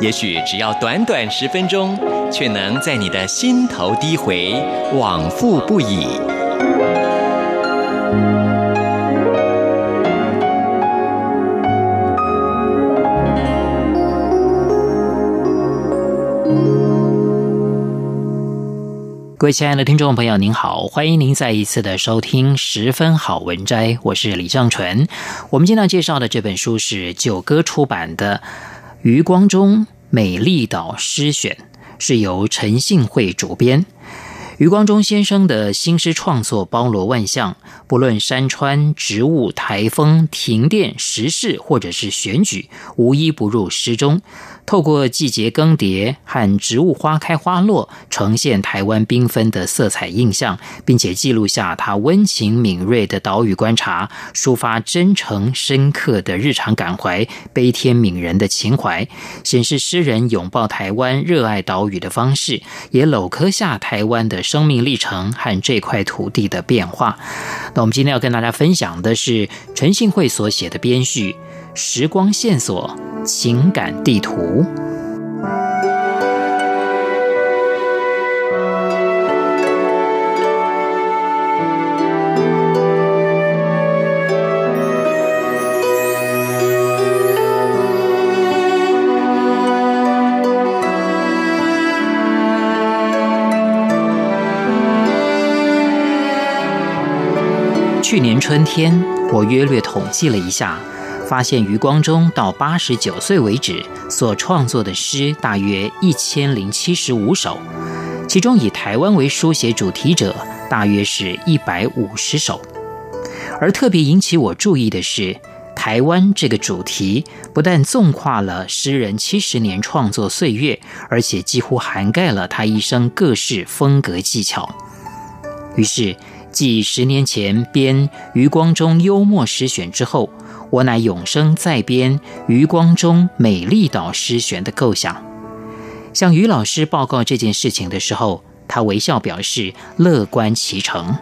也許只要短短十分鐘，卻能在你的心頭低迴，往復不已。各位親愛的聽眾朋友，您好，歡迎您再一次的收聽《十分好文摘》，我是李正淳。我們今天要介紹的這本書是九歌出版的。余光中《美麗島詩選》是由陳幸蕙主編。余光中先生的新詩創作包羅萬象，不論山川、植物、台風、停電、時事，或者是選舉，無一不入詩中。透過季節更迭和植物花開花落，呈現台灣繽紛的色彩印象，並且記錄下他溫情敏銳的島嶼觀察，抒發真誠深刻的日常感懷、悲天憫人的情懷，顯示詩人擁抱台灣、熱愛島嶼的方式，也鏤刻下台灣的。生命歷程和這塊土地的變化。那我們今天要跟大家分享的是陳幸蕙所寫的編序、時光線索、情感地圖。去年春天，我約略統計了一下，發現余光中到八十九歲為止所創作的詩大約一千零七十五首，其中以台灣為書寫主題者大約是一百五十首。而特別引起我注意的是，台灣這個主題不但縱跨了詩人七十年創作歲月，而且幾乎涵蓋了他一生各式風格技巧。於是，繼十年前編《余光中幽默詩選》之後，我乃永生再編《余光中美麗島詩選》的構想。向余老師報告這件事情的時候，他微笑表示樂觀其成。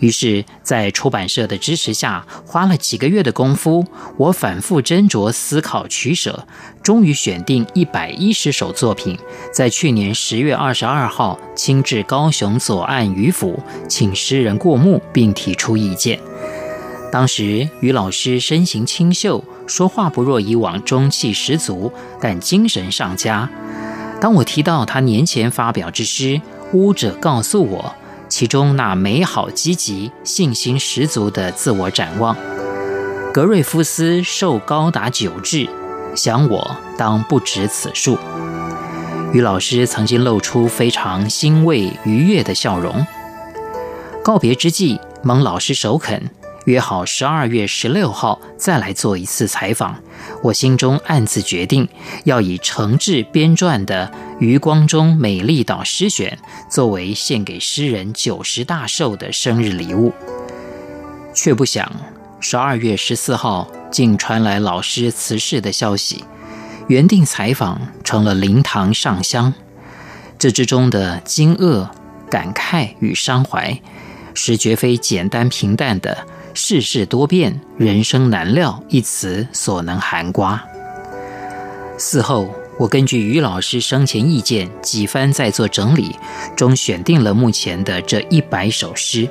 於是，在出版社的支持下，花了幾個月的功夫，我反覆斟酌、思考、取捨，終於選定一百一十首作品。在去年十月二十二號，親至高雄左岸漁府，請詩人過目並提出意見。當時，余老師身形清秀，說話不若以往中氣十足，但精神尚佳。當我提到他年前發表之詩，巫者告訴我。其中那美好、積極、信心十足的自我展望，格瑞夫斯壽高達九秩，想我當不止此數。余老師曾經露出非常欣慰、愉悅的笑容。告別之際，蒙老師首肯。約好十二月十六號再來做一次採訪，我心中暗自決定要以幸蕙編撰的《余光中美麗島詩選》作為獻給詩人九十大壽的生日禮物。卻不想十二月十四號竟傳來老師辭世的消息，原定採訪成了靈堂上香。這之中的驚愕、感慨與傷懷，是絕非簡單平淡的。世事多變，人生難料，一詞所能含瓜。嗣後，我根據余老師生前意見，幾番再做整理，終選定了目前的這一百首詩。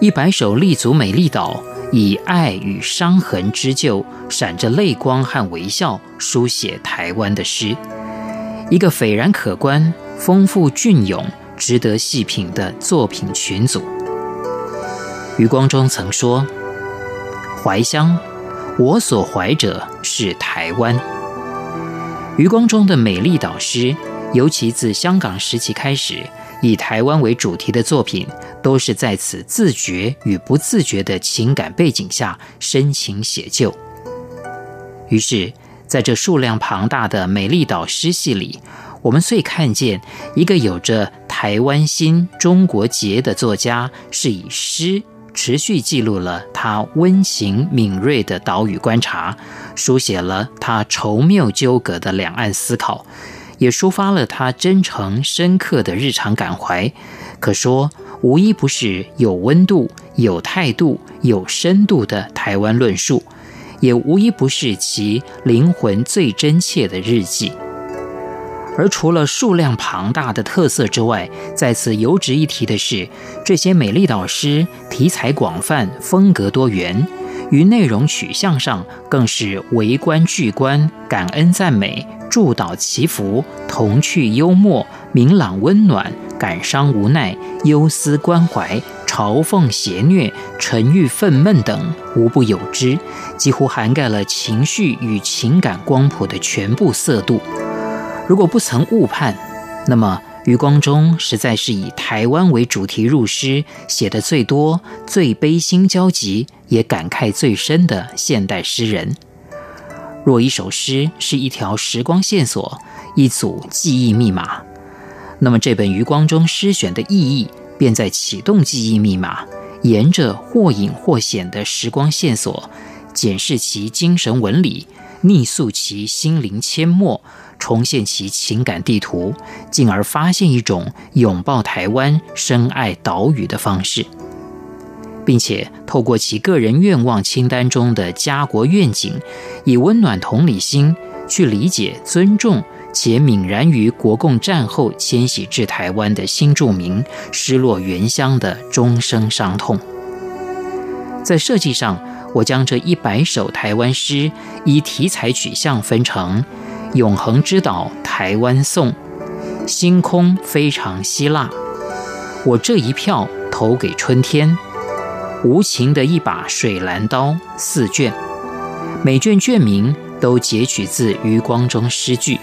一百首立足美麗島，以愛與傷痕織就，閃着淚光和微笑，書寫台灣的詩，一個斐然可觀、豐富雋永、值得細品的作品群組。余光中曾說：“懷鄉，我所懷者是台灣。”余光中的美麗島詩，尤其自香港時期開始，以台灣為主題的作品，都是在此自覺與不自覺的情感背景下深情寫就。於是，在這數量龐大的美麗島詩係裡，我們遂看見一個有着台灣心、中國結的作家，是以詩。持續記錄了他溫情敏銳的島嶼觀察，書寫了他稠密糾葛的兩岸思考，也抒發了他真誠深刻的日常感懷。可說，無一不是有溫度、有態度、有深度的台灣論述，也無一不是其靈魂最真切的日記。而除了數量龐大的特色之外，在此尤值一提的是，這些美麗島詩題材廣泛、風格多元，於內容取向上更是微觀、巨觀、感恩、讚美、祝禱、祈福、童趣、幽默、明朗、溫暖、感傷、無奈、憂思、關懷、嘲諷、諧謔、沉鬱、憤懣等無不有之，幾乎涵蓋了情緒與情感光譜的全部色度。如果不曾誤判，那麼余光中實在是以台灣為主題入詩寫得最多、最悲心交集、也感慨最深的現代詩人。若一首詩是一條時光線索，一組記憶密碼，那麼這本余光中詩選的意義便在啟動記憶密碼，沿着或隱或顯的時光線索，檢視其精神紋理，逆溯其心靈阡陌。重現其情感地圖，進而發現一種擁抱台灣、深愛島嶼的方式，並且透過其個人願望清單中的家國願景，以溫暖同理心去理解、尊重且泯然於國共戰後遷徙至台灣的新住民，失落原鄉的終生傷痛。在設計上，我將這一百首台灣詩以題材取向分成《永恆之島》台灣頌，星空非常希臘。我這一票投給春天。無情的一把水藍刀，四卷，每卷卷名都截取自余光中詩句。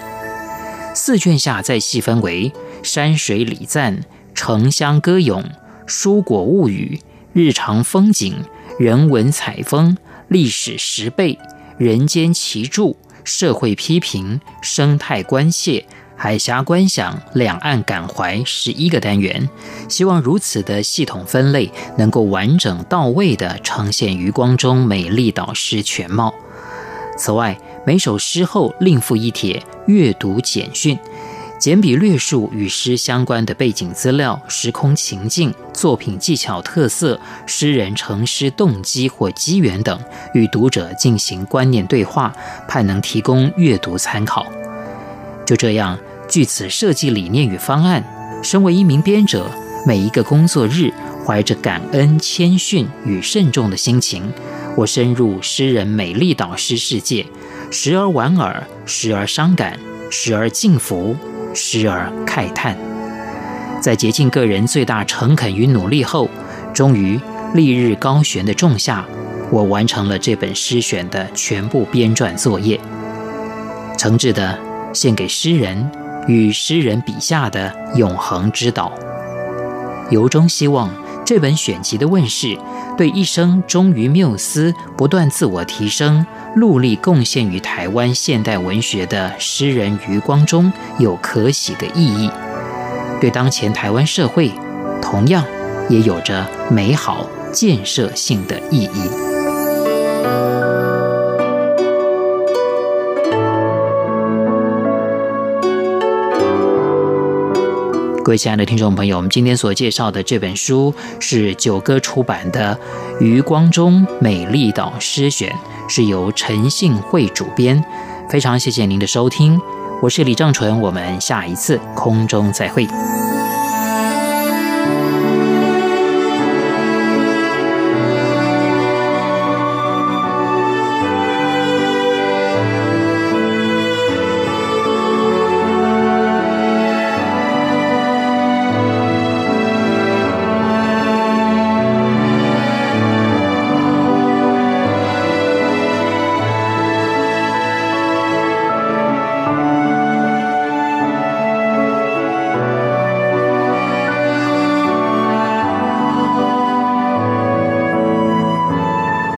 四卷下再細分為山水禮讚、城鄉歌詠、蔬果物語、日常風景、人文采風、歷史拾貝、人間奇著、社會批評、生態關切、海峽觀想、兩岸感懷十一個單元，希望如此的系統分類能夠完整到位地呈現余光中美麗島詩全貌。此外，每首詩後另附一帖閱讀簡訊。簡筆略述與詩相關的背景資料、時空情境、作品技巧特色、詩人成詩動機或機緣等，與讀者進行觀念對話，盼能提供閱讀參考。就這樣，據此設計理念與方案，身為一名編者，每一個工作日，懷着感恩、謙遜與慎重的心情，我深入詩人美麗島詩世界，時而莞爾，時而傷感，時而敬服。時而慨嘆，在竭盡個人最大誠懇與努力後，終於烈日高懸的仲夏，我完成了這本詩選的全部編撰作業。誠摯地獻給詩人與詩人筆下的永恆之島，由衷希望。這本選集的問世，對一生忠於繆斯、不斷自我提升、努力貢獻於台灣現代文學的詩人余光中有可喜的意義，對當前台灣社會，同樣也有着美好建設性的意義。各位親愛的聽眾朋友，我們今天所介紹的這本書是九歌出版的《余光中美麗島詩選》，是由陳幸蕙主編。非常謝謝您的收聽，我是李正淳，我們下一次空中再會。